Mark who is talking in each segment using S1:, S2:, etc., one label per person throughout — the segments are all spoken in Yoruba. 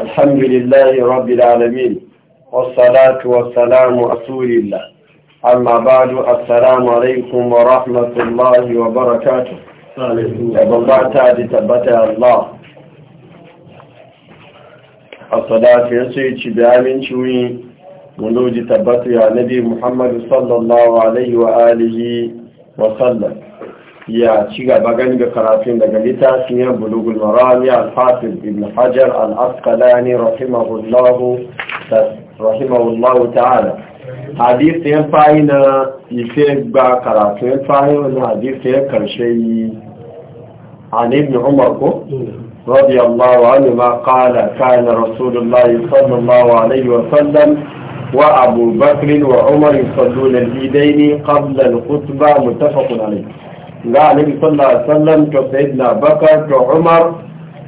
S1: الحمد لله رب العالمين والصلاة والسلام أسول الله أما بعد السلام عليكم ورحمة الله وبركاته تبتا تبتع الله الصلاة يسيتي بأمين شوي منوج تبتع نبي محمد صلى الله عليه وآله وسلم يا شيغا باغاني بكراتين دغليتا سنيا بلوغ المرامي الحافظ ابن حجر الاسقلاني رحمه الله رحمه الله تعالى حديث ينفعنا يفيد با كراتين ينفعنا الحديث يكر شيء عن ابن عمر رضي الله عنه ما قال كان رسول الله صلى الله عليه وسلم وابو بكر وعمر يصلون اليدين قبل الخطبه متفق عليه ga annabi sallallahu alaihi wasallam to sayyidina bakar to umar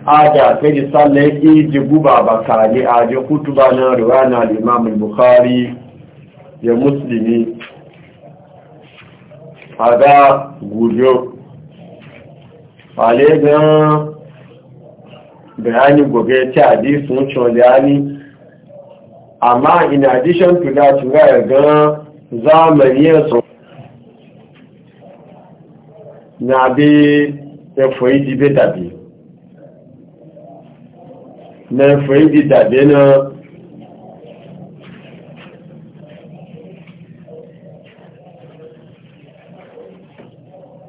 S1: aja sai ji sallai iji guba bakari aje kutuba na riwana al-imam al-bukhari ya muslimi aga gujo fale gan bayani gobe ta hadisun cholani amma in addition to that ga gan zamaniyar na be ẹ̀fọ́ yìí di bẹ́ dàbí na ẹ̀fọ́ yìí di dàbí náà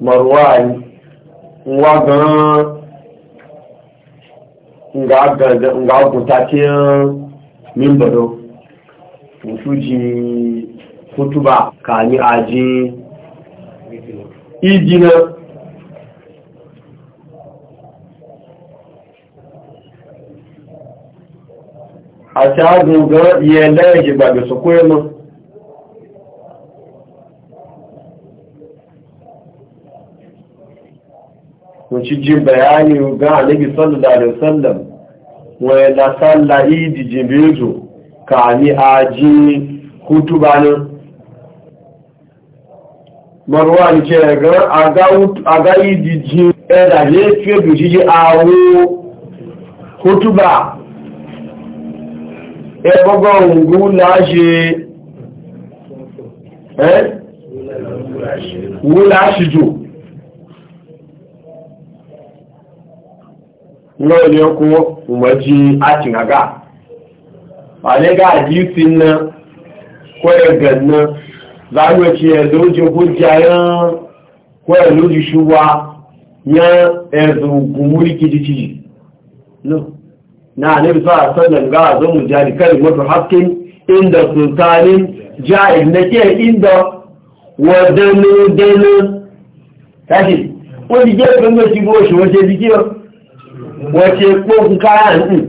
S1: marwani nwa gan nga gùnta tí ń mímbọ̀dọ̀ òtú jí kútúbà kà ní ají ìjì náà àti agungan yẹ lẹ́yìn ìgbàgbẹ̀ sọkó ẹmọ wọ́n ti jí bayani gan àníbi sọ́lọ̀dà rẹ̀ sọ́lọ̀m wọ́n yẹ lásánlá ìdí jìnbíjò ka ní ají kútúbá ní marwa ní kẹrẹ gan agá ìdí ẹ̀dà yẹ́ fẹ́ ẹgbọ́gbọ́ òǹgú láṣe ẹ́ wú láṣe jù lọ́wọ́ ni ọkún mọ̀jí àtìnàgà àlẹ́gà àdíyùtì ná kọ́ ẹ̀gẹ̀ ná láàrín ọ̀kí ẹ̀dọ́ ojú jayán kọ́ ẹ̀ lójú yán ẹ̀dùn ògùn múrí kìdìkìdì náà na annabi sallallahu alaihi wasallam ga zo mu jari kare mutu hakkin inda sultanin ja'ir nake inda wadanu danu tashi wani je kan ga shi go shi wace biki wace ko kayan din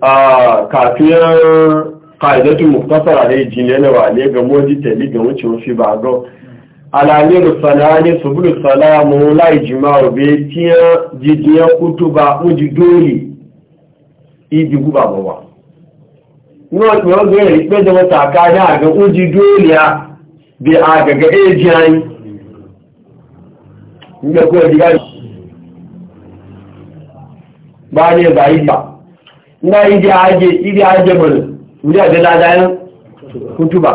S1: a kafiyar ƙa'idatun muktasar a ne jiniyar wa ne ga moji tali ga wuce wufi ba a alamir salani subul salamu lai jima'u be tiya jijiyan kutuba uji dole iji guba bawa wọn tí wọ́n gbẹ̀rẹ̀ ìpẹ́jọ mọ́ta káyá àgbà uji dole a bí àgbàgbà èjì ayin nígbẹ̀kọ́ ìdígá bá ní ẹ̀bà ìgbà ní ìdí ajé mọ̀lẹ̀ ní àdẹ́ládáyán a.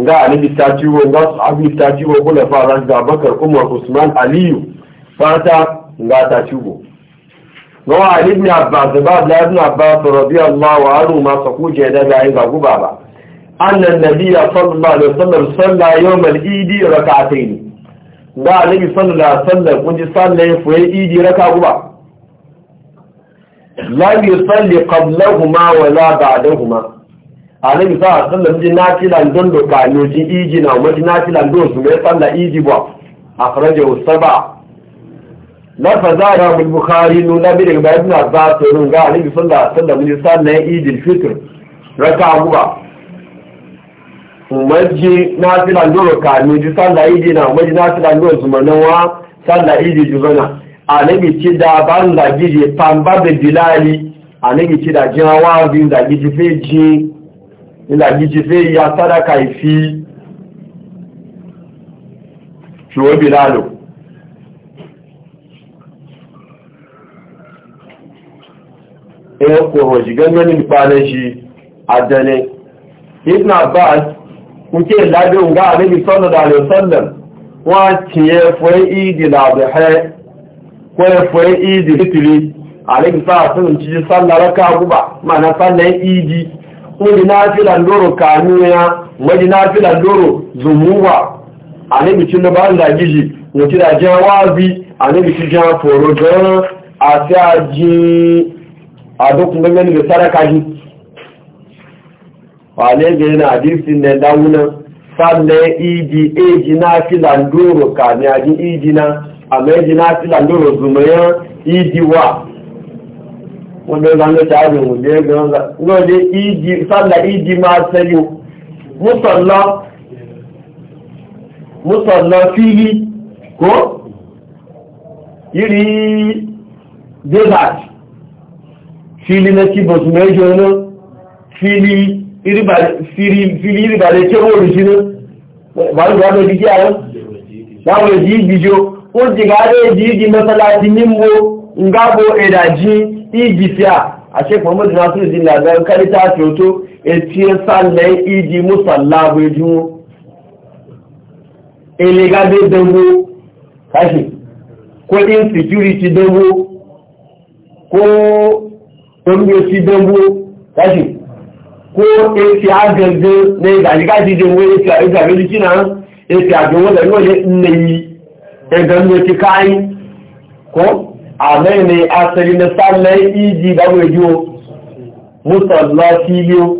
S1: nga anibi tatiwo nga sahabi tatiwo kula fara ga bakar umar usman aliyu fata nga tatiwo nga wa ali ibn abbas ba abla ibn abbas radiyallahu anhu ma saku je da ga yin gagu baba anna nabiyya sallallahu alaihi wasallam salla yawm al-eid rak'atayn nga anibi sallallahu alaihi wasallam kun ji sallai fuye eid raka guba la yusalli qablahuma wala ba'dahuma annabi sa sallam ji nafilan don do ka iji na ma ji nafilan don su mai salla iji ba akhrajahu sab'a la fa zara bil bukhari nu la bil ba ibn abbas to ga annabi sallallahu alaihi wasallam ji salla iji al fitr raka guba umarji nafilan don ka ne ji iji na ma ji nafilan don su manawa salla iji juzana annabi ci da ban da gije pamba be dilali annabi ci da jawa bin da gije feji ìlàjì ti fẹ́ ya sádàkà ìfi ṣùgbọ́bì lálò ẹ kòrò ṣìgẹ́gẹ́ ní ìpàdé ṣe àdẹni ibn abbas na ìlàjì nke gá àríbi sọ́lọ̀dà àlẹ́sọ́lẹ̀ wọ́n ti yẹ ìdì làbẹ̀ẹ́ kọ́ fẹ́ ìdì kuli nafilan doro kanuya wani nafilan doro zumuwa a ne bikin da ba'an da gizi mutu da jan wazi a ne bikin jan foro don a sai ji a dukkan gangan da saraka ji a ne ga yana hadisin da damunan sannan iji eji nafilan doro kanuya ji iji na a mai ji nafilan doro zumuya iji wa wọ́n lọ lọ́nà tààrí wọ́n lè gan ra wọ́n lè ìdí sálà ìdí máa sẹ́yìn mùsọ̀lọ́ mùsọ̀lọ́ fíyí kó yìí desert fili na bọ̀tù mẹ́jọ náà fili ìrìbàlẹ̀ tí ó rí sínú wọ́n lè wọ́n lè díjẹ́ àwọn wọ́n lè díjì jọ ó jìgá rẹ̀ díjì mọ́sálásí mímú ngábò ẹ̀dàjí egypt a ashe muhammadu nasiru di labarin karita a kyoto etiye sannan idi musalla bai juwo elegabe dango kashi ko insecurity dango ko tongoci dango kashi ko esi agangan na igajikaji dango esi a izabeli kina esi agangan da yau ne nnayi ẹgbẹ̀rún ti káyí kọ́ a nai ne asali na sallai iji da wajo musalla filiyo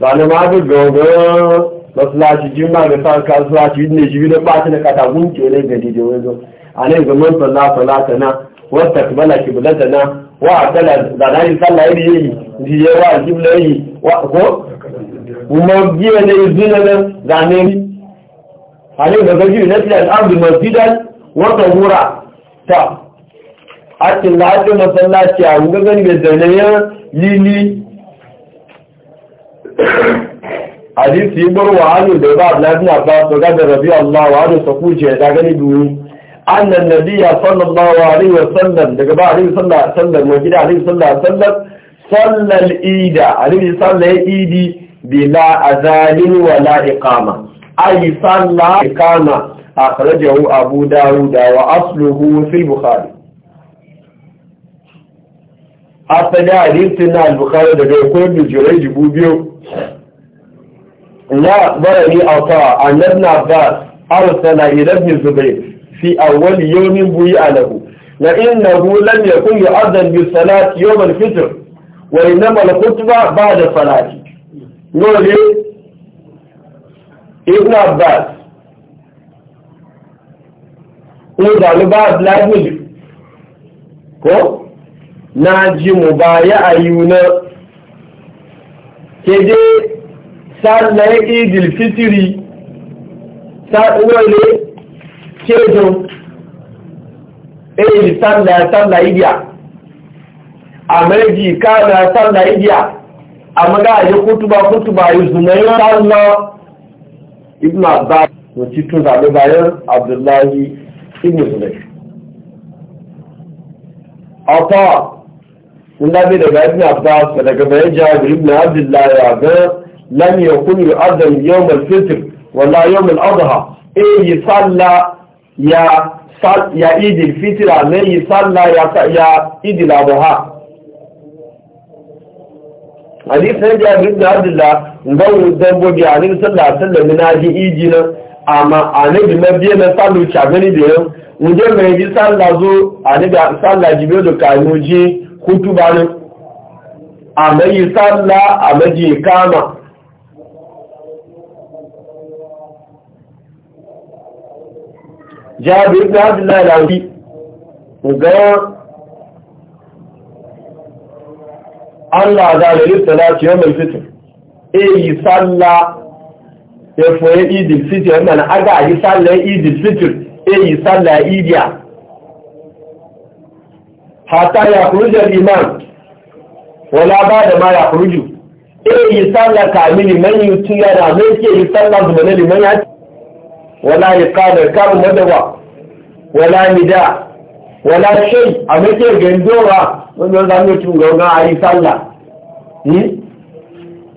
S1: sani ma bi gogon masalaci jima da sa kasuwaci yi ne jibi da ɓaci na katagun ke ne gadi da wajo a nai zaman sallah salata na wata kibala kibalata na wa a tala zanani sallah iri yi jiye wa a kibla yi wa ko kuma biya da izina na zanani عليه الرجل نزل الأرض مسجدا وطهورا تا أتن لعد مسلاتي عمغن بزنيا ليلي حديث يبر وعنه ببعض لابن عباس وقال ربي الله عنه سقول شهدا غني بوي أن النبي صلى الله عليه وسلم دقباء عليه صلى الله عليه وسلم وكذا عليه صلى الله عليه وسلم صلى الإيدة عليه صلى إيدي بلا أذان ولا إقامة أي صلى إقامة أخرجه أبو داود وأصله في البخاري أصل حديثنا البخاري ده يقول ابن جريج بوبيو لا أخبرني أطاع أن ابن عباس أرسل إلى ابن الزبير في أول يوم بوي له لأنه لم يكن يؤذن بالصلاة يوم الفطر وإنما الخطبة بعد صلاته نقول إيه؟ ibn abbas ń zàlú bá abdullahi ko na ji mu ba ya ayu na ke je sallar idil fitiri sa'uwale kejo eyi sallar sallar idiya a marji kana sallar idiya a magaji kutuba kutuba yi zunayi sallar ibn abbas wacce tun zaɓe bayan abdullahi ibn zulai ata kun dabe daga ibn abbas da daga bayan jabir ibn abdullahi ya ga lam yakun yu'adham yawm al-fitr wala yawm al-adha eh yi salla ya ya idil fitra ne yi salla ya ya idil adha hadisin jabir da abdullah ga wudan bobi a sallallahu alaihi wasallam na ji iji nan amma a nabi mabiya na sallu cagani da yau wuje mai ji sallah zo a nabi sallah jibe da kanu ji hutu ba nan a mai sallah a maji kama jabir da abdullah da wuji ga Allah àdáre lè tẹ̀lá tí ó mẹ́fẹ́tù èyí sálá ẹ̀fọ́ ìdì fìtì ẹ̀mà na aga àyí sálá ìdì e fìtì èyí e sálá ìdíà e hàtà yàkùrújẹ̀ imam wọlá bá da ma yàkùrújù èyí sálá kàmí liman yìí tún yára mẹ́kẹ́ yìí sálá zùmọ̀lẹ́ liman yá wọlá yìí kàmẹ̀ kàmù mọ́dọ̀wà wọlá nìdá wọlá ṣe àmẹ́kẹ́ gẹ̀ndọ́ra wani wanda ne tun ga wani ayi sallah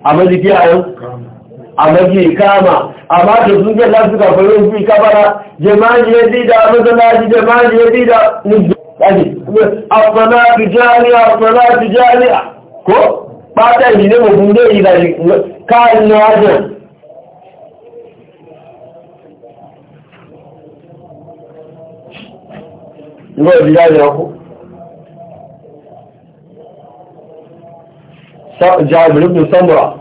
S1: a majiki a yau a majiki kama amma da sun ke lafi ka fayo fi kabara jama'i ya dida mazalaji jama'i ya dida nubbi afana tijani ko pátá yìí ní ògùn lé ìlàjì káàrin ajọ́ ìwọ̀n ìdíjáde ọkùn جابر بن سمرة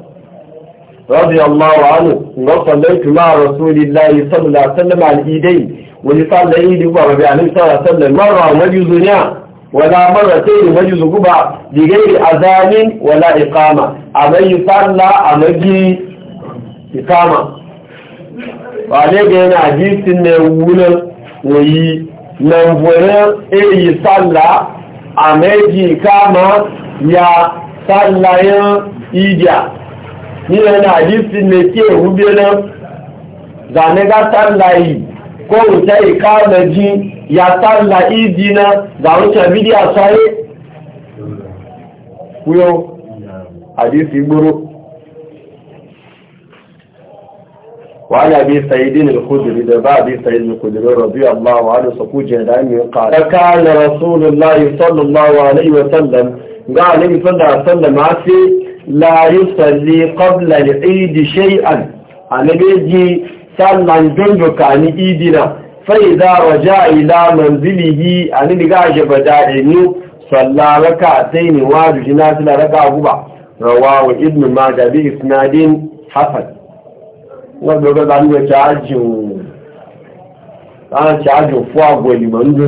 S1: رضي الله عنه وصليت مع رسول الله صلى الله عليه وسلم على الإيدين ولصلى إيد وربي عليه الصلاة والسلام مرة وجزنا ولا مرتين وجز قبع بغير أذان ولا إقامة أما يصلى أما إقامة وعليك هنا عجيز النوون وي نوون إيه يصلى أما إقامة يا sallayen ija ni yana hadisi ne ke hube nan zane ga sallayi ko wuce ikamaji ya salla iji na za wuce bidiya saye kuyo hadisi gburu وعن أبي سعيد الخدري دبا أبي سعيد الخدري رضي الله عنه سكوجه دائم قال فكان رسول الله صلى الله عليه وسلم ga alaihi sallallahu alaihi ma sai la yusalli qabla al-eid shay'an annabi ji sallan dango kani idina fa idza raja ila manzilihi annabi ga je bada'ini salla rak'atayn wa jina salla rak'a guba rawahu ibn majah bi isnadin hasan wa dogo da ni charge an charge fo agwe ni mandu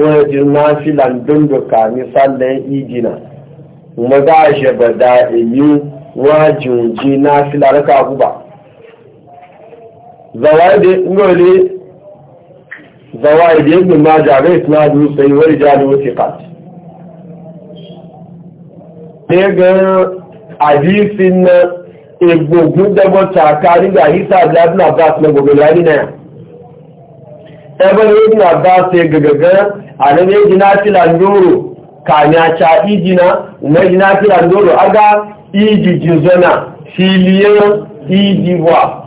S1: ko ji nafilan dunduka ni sallan ijina kuma za a shaba da iyi wajin ji nafila raka guba zawaide ngole zawaide ibn majah ga isnadu sai wai jali wasiqat ne ga hadisin egbogun dabo takari ga hisa da ibn abbas na gogo yani na ebe ibn abbas ya gagaga anabi ji nafila ndoro kanya cha ijina na ji nafila ndoro aga iji jizona filiye iji wa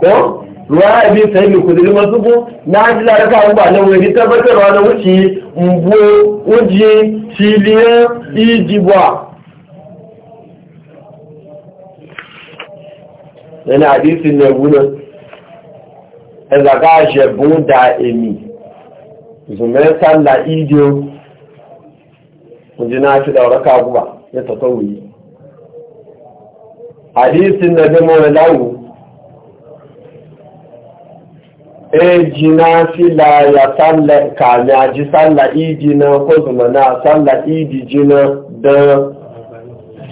S1: ko ruwa abin sai mai kudin mazubu na ji laraka ba na wuri tabbatarwa na wuce mbo uje filiye iji wa yana hadisin na wunan ẹzàká ṣẹ̀bùn da èmì zume sallah idiyo mujina shi da raka guba ya tatawuyi hadisin da zama da lawu e jina fila ya sallah kamiya ji sallah idi na ko zumana sallah idi jina da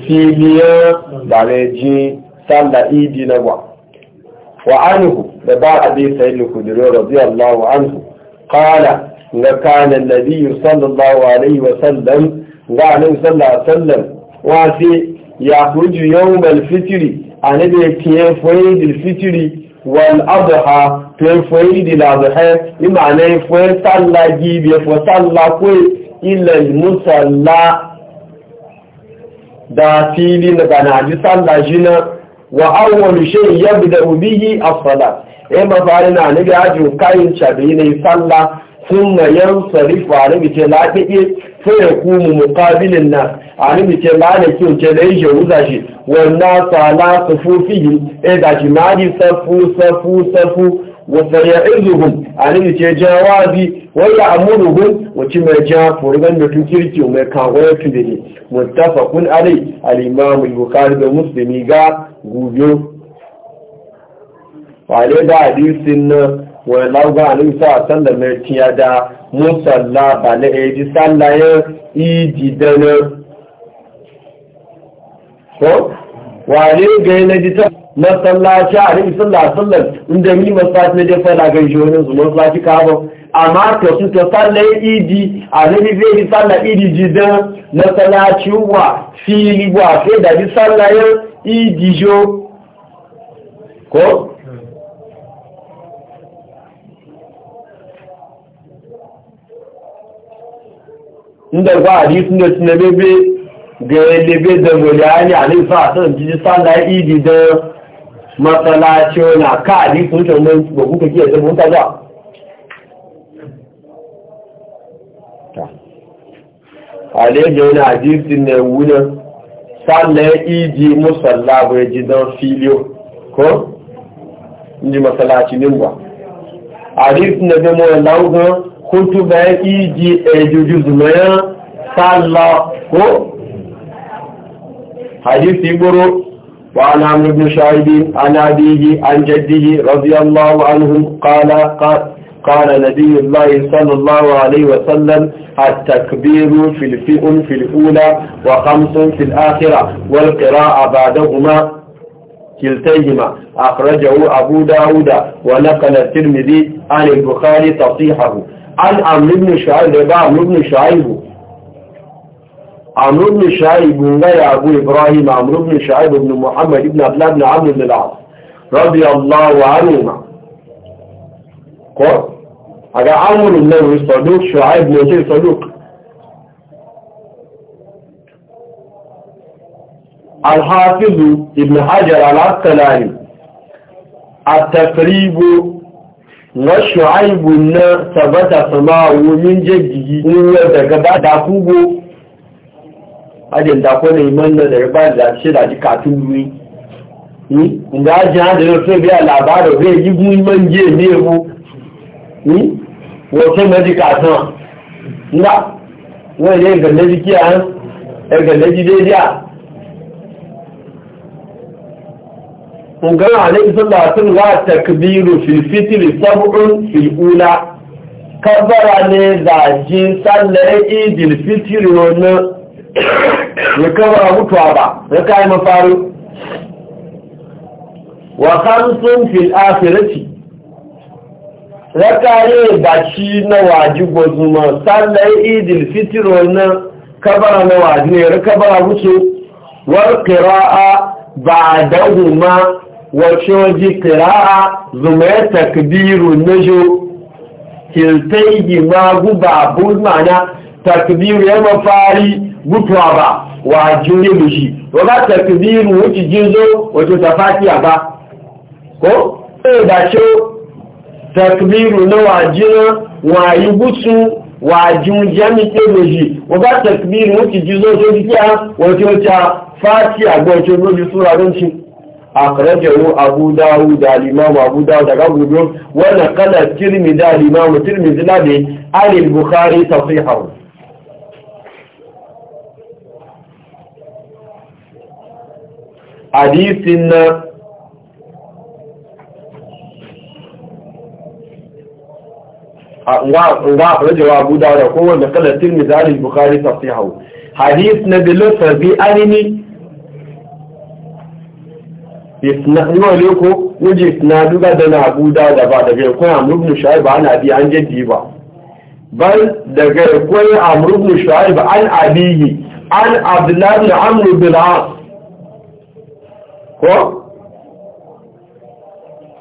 S1: filiya da reji sallah idi na ba wa anhu da ba a bi sayi lukudiro radiyallahu anhu qala وكان النبي صلى الله عليه وسلم وعلى صلى الله عليه وسلم وفي يخرج يوم الفطر أنا بكين فويد الفطر والأضحى كين فويد الأضحى بمعنى فويد صلى جيب يفو صلى كوي إلا المصلى داتيلين بناجي صلى جنا وأول شيء يبدأ به الصلاة إما فعلنا نبي عجو كاين شابيني صلى sun na yan sarifa a nabi ce lafiye sai ya kuma mukabilin na a nabi ce ma da kyau ce da yi shi wuza shi wannan sala sufu fiye ɗaya da shi ma di safu safu safu wasa ya izuhun a nabi ce jawabi wanda amuruhun wacce mai ja furgan da tun kirki mai kagwaya tudiri mutafakun alai alimamu bukari da musulmi ga gubiyo. Wale da hadisin wani lauga a nisa a sanda mai tiya da musalla ba na eji sallayen iji dana ko wani ga na ji ta masallaci a nisa sallah sallar inda mi masallaci na jefa na gan shi wani su masallaci amma ta su ta sallayen iji a nisa zai ji sallar iji ji dana masallaci wa fili wa sai da ji sallayen iji jo ko inda ba a ji sun da suna bebe ga lebe da mulani a nan sa sun ji sallah idi da matsalaci na ka a ji sun can nan ba kuka kiyar da mun kaza alejo na hadisi ne wuna sallah idi musalla bai ji don filiyo ko inji matsalaci ne ba hadisi na bai mawala wugan kútùbà ìjì ẹ̀jùjù zùmọ́yá sálọ kó hadithi gbúrú وعن عمرو بن شعيب عن أبيه عن جده رضي الله عنهم قال قال نبي الله صلى الله عليه وسلم التكبير في الفئة في الأولى وخمس في الآخرة والقراءة بعدهما كلتيهما أخرجه أبو داود ونقل الترمذي عن البخاري تصيحه قال عمرو بن شعيب لبا عمرو بن شعيب عمرو بن شعيب من غير أبو إبراهيم عمرو بن شعيب بن محمد بن عبد الله بن عمرو بن العاص رضي الله عنهما قال هذا عمرو بن صدوق شعيب بن غير صدوق الحافظ ابن حجر العسقلاني التقريب وشعيب نا ثبت سماعه من جده هو دغبا داكوغو ajin da kone iman da da ba da shi da ji katun ruwi ni inda ji ha da rufe biya labaro be yi gun man je ne mu ni wato na ji katun na wani ne ga na ji kiya an ungana alaihi sallatun wa takbiru fil fitri sab'un fil ula kabbara ne da jin sallar idil fitri wani ya kabbara mutuwa ba ya kai mafari wa khamsun fil akhirati rakare da shi na wajibo zuma sallar idil fitri wani kabbara na wajibo ne rakabara wuce war qira'a ba da huma wacce ji kira'a zuma ya takbiru na jo kiltai yi ma guba mana takbiru ya mafari gutuwa ba wa jini lushi wata takbiru wuce jizo wato tafatiya ba ko ɗaya da ce takbiru na wajina wayi gusu wajin jami'e lushi wata takbiru wuce jizo wato ta fatiya ga wato lushi sura don أخرجه أبو داود الإمام أبو داود داود ونقل الترمذي الإمام الترمذي الذي عن البخاري تصحيحه حديث nga akhrajahu آه، أبو داود ko wanda kala Tirmidhi al-Bukhari sahihahu hadith na bi na ne ko waje na duba da na abu da da ba daga yakon amurubin sha'ib an abi an jaddi ba bal daga yakon amurubin sha'ib an abiyi an abdullahi na amru bil'as ko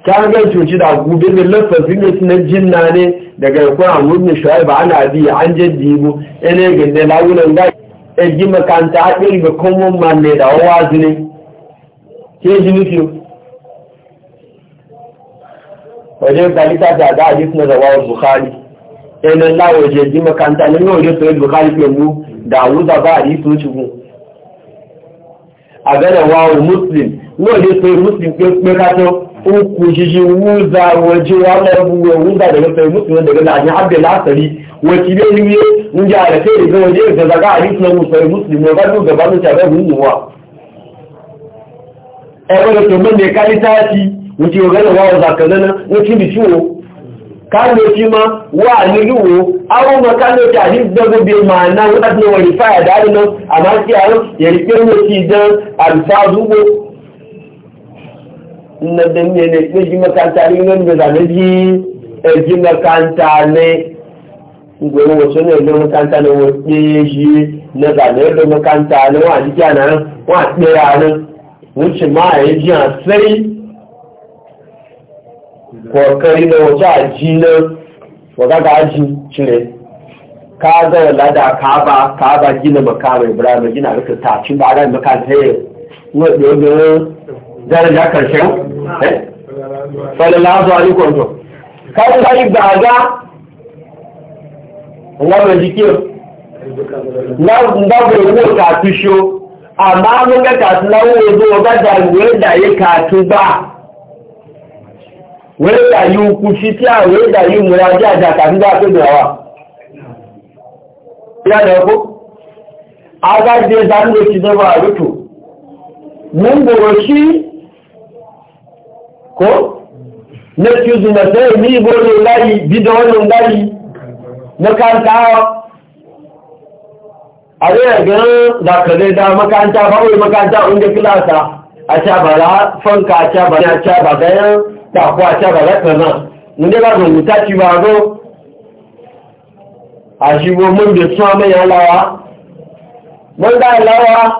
S1: ta ga cuci da gube mai lafafin ne na jinna ne daga yakon amurubin sha'ib an abiyi an jaddi bu ene gande lawunan ga egi makanta a ɗin ga kuma manne da wawa zini kí é ṣe ní fi o ọjọ́ ìgbàlítà dàdá àdífúnà rọ̀wà buhari ẹnu láwọ̀ òjò ìdí makanta nínú òjò tó buhari pẹ̀lú dàwú bàbá àdífú ṣùgbọ́n àbẹ́rẹ̀wà o muslim ní òjò pé muslim pé pẹ́kátọ́ ó kù ṣíṣe wúza wọjú wà lẹ́bù wúza dẹ̀gẹ́ pé muslim dẹ̀gẹ́ láàrin abdẹ̀ látàrí wọ́n ti lé níwé ń jẹ́ àrẹ̀fẹ́ ìgbẹ́ òjò ìgbẹ̀zàgá àdífúnà muslim ẹgbẹ́ tó mẹ́lẹ̀ kálítàtì òtí ọ̀rẹ́lẹ̀ wà ọ̀zà kẹ̀lẹ́nà ó tí bí tí ó kálótí ma wà nílùú àwọn ọmọ kálótí àti gbẹ́gbẹ́ máa náà wọ́n láti wọ̀nyí fáyà dáadé náà àmá sí àárọ̀ yẹ̀rí pé ó ti dán àlùfáà dúgbò nnẹ́dẹ́ ní ẹni pé jí mẹ́kàntà ní ilé ìgbésà méjì ẹjí mẹ́kàntà ní ìgbèrú wọ̀sọ́ ní ẹgbẹ́ mẹ́kàntà ní wọ́n pé yé yí mẹ́kàntà ní wọ́n àdíjà náà wọ́n àpẹ́ra náà wuce ma a yi jiya sai kokari na waje a ji na waga ga aji cire ka ga lada ka ba ka ba gina makama ibrahim gina rika ta cin amma mun ga kasu lawo zo ba da wanda ya kasu ba wanda yi shi fiya wanda yi muraja da kasu da su da yawa ya da ku a ga je da mu ci da ba rutu mun goro shi ko ne ci zuna sai ni goro layi bidon layi na kan tawa a zai ganin zakarai da makanta bawai makanta inda kilasa a cabara fanka a cabara a cabara bayan takwa a cabara kaza inda ba zo wuta ci ba zo a shigo mun da suwa mai halawa mun da halawa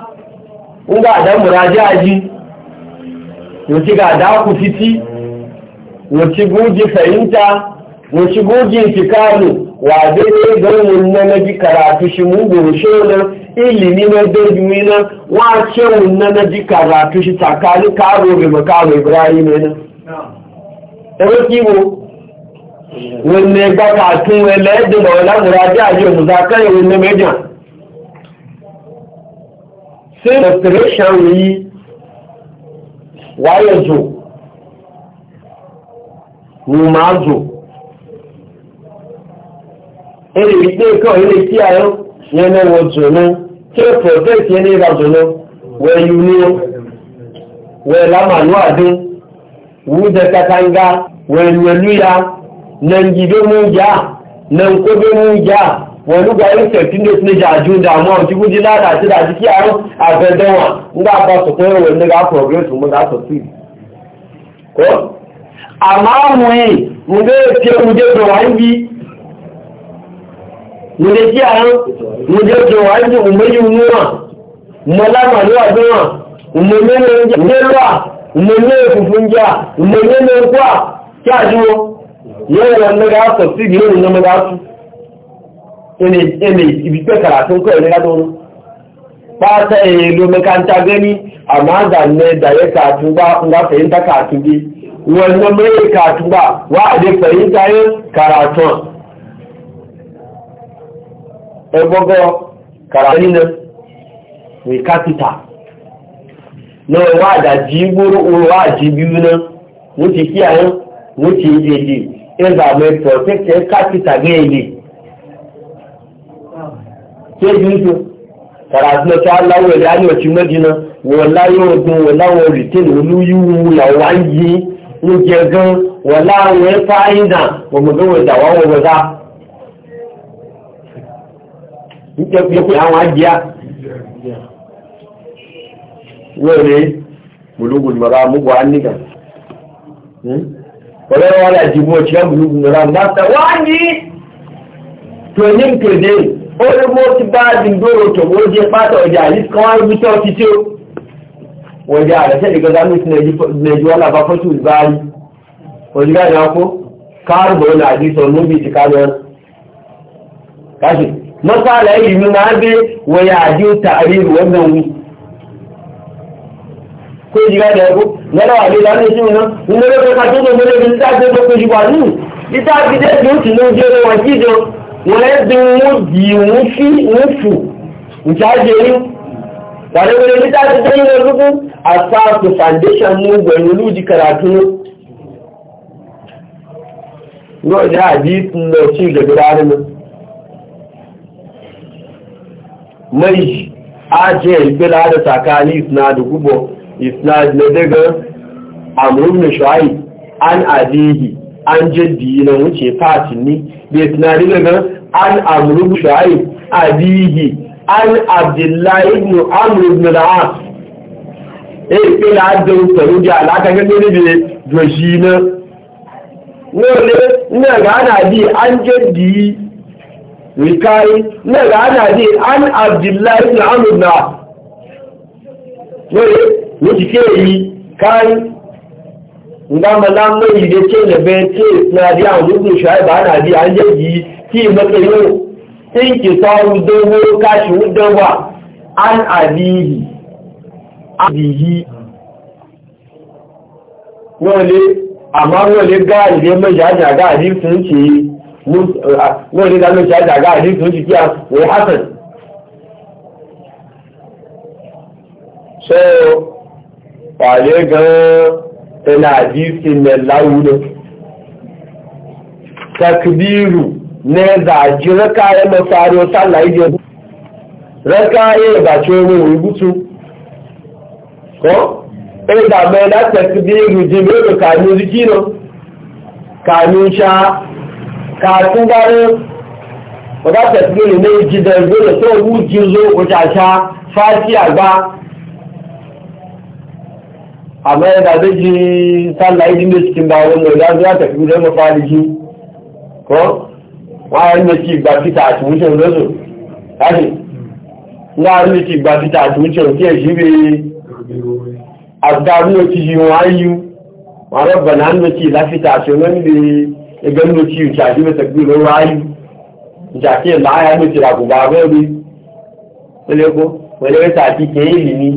S1: in ga adam muraji aji wuci ga da ku fiti wuci guji fahimta wuci guji intikanu wa dai ganin na na ji karatu shi mun goshe nan ilimi na dajumi nan wa ce na na ji karatu shi tsakanin karo bai makaro ibrahim nan ɗaya kiwo wanne ga katun wani yadda da wani murabi a jiya muzakar wanne mejan sai restoration yi waye zo mu ma zo ele ikpe nke ele ayo nye wo dzono ke project ye ne ba dzono we yunio we la manu ade wu de katanga nyelu ya na ngido mu ja na nkobe mu ja wo lu ga ile ti ne ti ne ja ju da mo ti ku ji la da ti da ti ki ayo afede wa nga ga ga ama yi mo lè kí àrùn mo lè jẹ wàá jù mo méjì mú wọn mo lámà ló wà fún wọn mo mélòó ń jẹ mélòó à mo mélòó funfun jà mo mélòó kú ibi gani amma da ne da ya ba nga bi wannan mai ba wa yin karatu ẹgbọ́gọ́ kàràní náà wí kápítà náà wà àdàjí gbóró wà àjí bíbí náà wọ́n ti kí àyán wọ́n ti èdè ẹgbà mẹ́ pọ̀tẹ́kẹ́ kápítà gẹ́ẹ̀lẹ̀ kéjì ń tó kàràní náà kí aláwọ̀ ẹ̀rẹ́ á ní ọ̀tí mẹ́dínà wọ́n láyé ọdún wọ́n láwọn níjẹ́ fi pé àwọn ajá wọ́n rẹ̀ bulugun mara mugu an nígbà ọ̀rẹ́ wọn láti mú ọ̀chí bulugun mara mata wá ní tòní tòní ó ní mọ́ ti bá dìndóró tó wọ́n jẹ́ pátá ọjà àyíkọ́ wọn rí tọ́ ti tí ó wọ́n jẹ́ àrẹ́sẹ́ ìgbẹ́gbẹ́ láti nàìjíríà lábá fọ́tù ìbáyìí wọ́n jẹ́ káàkó káàrùn-ún matsala ilimi na abe wa yaji tarihi wannan wi ko ji ga da ku na da wani lalle shi ne mun da ka tuno mun da ta da ko ji ba ni ita bi ti no je wa ji do wa le bi mu ji mu fi mu fu mu ta je ni wa ni ne rubu asasu foundation mu ga ni luji karatu no da ji no ci mai ajiye ibila da tsakani isna da gubo isna da daga amurin na shu'ai an adihi an jaddi na wuce fatin ni da isna da daga an amurin shu'ai adihi an abdullahi ibn amr ibn ra'a eh ila da tsaro da alaka ga ne ne da shi na wole ina ga bi an jaddi wikari na ga ana ji an abdullahi ibn amr na wai wuce ke yi kai nga mala mai da ke da bai ce na ji an rubu shai ba na ji an yaji ki matsayo sai ki samu dogo kashi wudawa an abihi abihi wale amma wale ga ile mai jaja ga hadisi ce náà ah, ní ìdáná ṣe àjàgá àdínkù ó ti kí àwọn hasan so gan-an mẹ́láwúlẹ̀ takbiru nẹ́ẹ̀dà jí rẹ́ká rẹ́ká kọ́ takbiru jí kàánú rí kí kàánú ṣáá kafin gare wadda ta gini ne ji da gini to wuji zo wuta sha fatiya ba amma yana da ji sallah idin da cikin bawon mai da zuwa ta fi da mafaliki ko wayan da ci ba fita a tuwucin rasu kashi na da ci ba fita a tuwucin ke shi bai a da ci yi wayu ma rabba na hannu ci lafita a tuwucin bai ẹgbẹ́ ló ti ìjà sí mẹ́sẹ̀ pé ló ráyù ìjà sí ẹ̀ láyà ló ti ràgùn bá abẹ́ rí pélébó pẹ̀lú ẹ̀ta àti kéèlì ni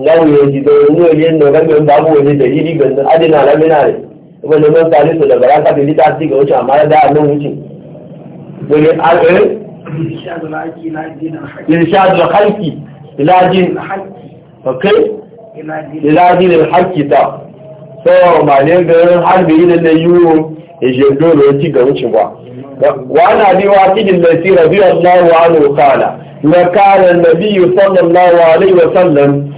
S1: ìyáwó yẹn ti dọ̀rọ̀ ní òye ń lọ gẹ́gẹ́ ń bá bò ní tẹ̀lé ní gbẹ̀ndọ̀ adéna alámínà rẹ̀ ẹgbẹ́ ló ń ta ní sọ̀dọ̀ bàrá káfí lítà sí ìgbà oṣù àmàlà dáa lóhun jù يجب دور يتيقى وشبه وعن أبي واكد الذي رضي الله عنه قال وكان النبي صلى الله عليه وسلم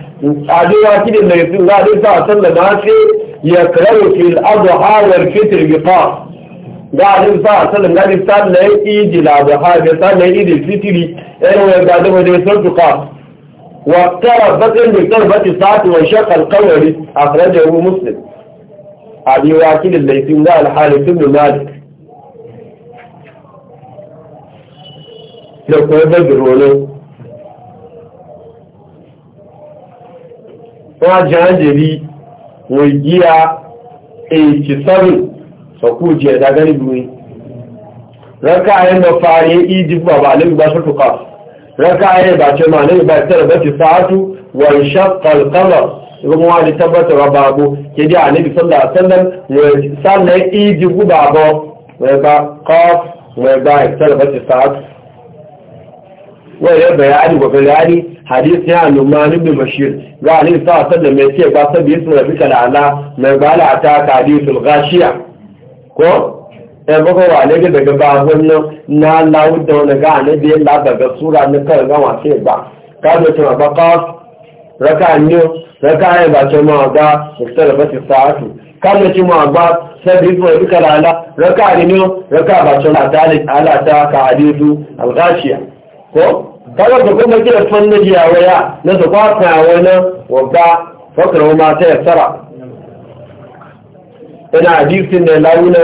S1: أبي واكد الذي الله عليه وسلم يقرأ في الأضحى والفطر بقاف قال صلى الله عليه وسلم قال إيد الأضحى قال إيد الفطر أنه قال له يسر بقاف واقتربت اقتربت الساعة وانشق القمر أخرجه مسلم abi wakilin laifin na alhalittun da malik da kuma bagir wani wọn jajiri wọn giya 87 sọkú jẹ dagari duni raka ayin da fari egypt ba ba nan ba su tuka raka ayin ba ce ma nan ba ta da ba ti sa'atu wa shaqqa al kuma wani tabbatar ba abu ke da annabi sallallahu alaihi wasallam wai sannan iji guba ba wai ba qaf wai ba talabati sa'at wai ya bayani wa bayani hadisi ya numan ibn bashir ga annabi sallallahu alaihi wasallam mai ce ba sabbi ismu rabbika la'ala mai bala ta hadithul ghashiya ko ɗan bako wa ne ga daga ba wannan na lawu wani ga annabi ya labaga sura na kawai ga wasu ba ka zo ta ba qaf raka ni raka ayin e ba ce ma ga mustara ba ta sa'atu kan ci ma ba sabbi e ko duka lala raka ni raka ba ce ma dalil ala ta ka hadithu al-ghashiya ko kaga da kuma kira fannin ya waya na su kwata wani wabba fakar ma ta yassara ina hadisin da launa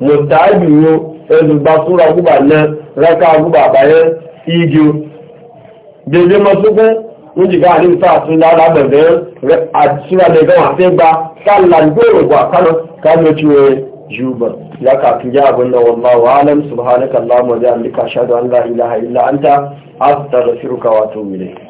S1: mustabiyo yanzu e ba sura guba nan raka guba bayan igiyo daidai masu kun ní jìgá àrí ìfẹ́ àtún lára bẹ̀rẹ̀ àtúnṣíra lẹ́gbẹ́ wọn àti gba sálà gbèrò wà kánà kánà tí ó ju bọ̀ láka tún yá abin na wọn máa wàhálà subhanaka allahumma wa bihamdika ashhadu an la ilaha illa